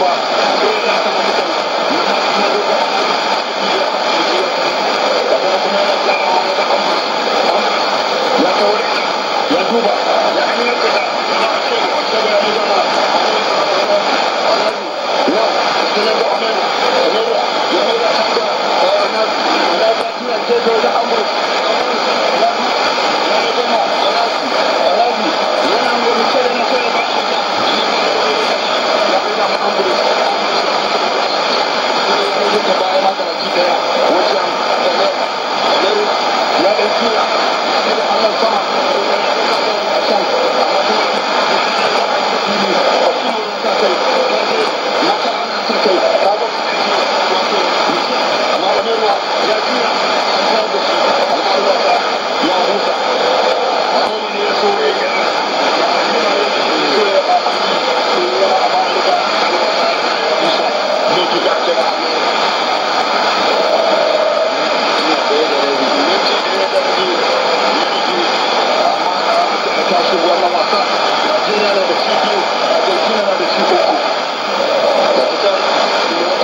ba second.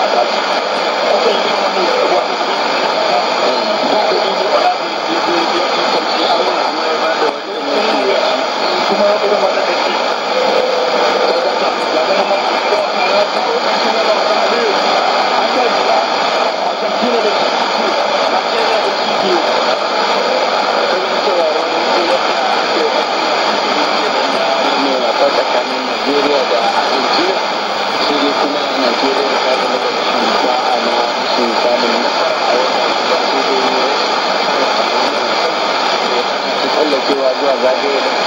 Tá Obrigado. Thank you.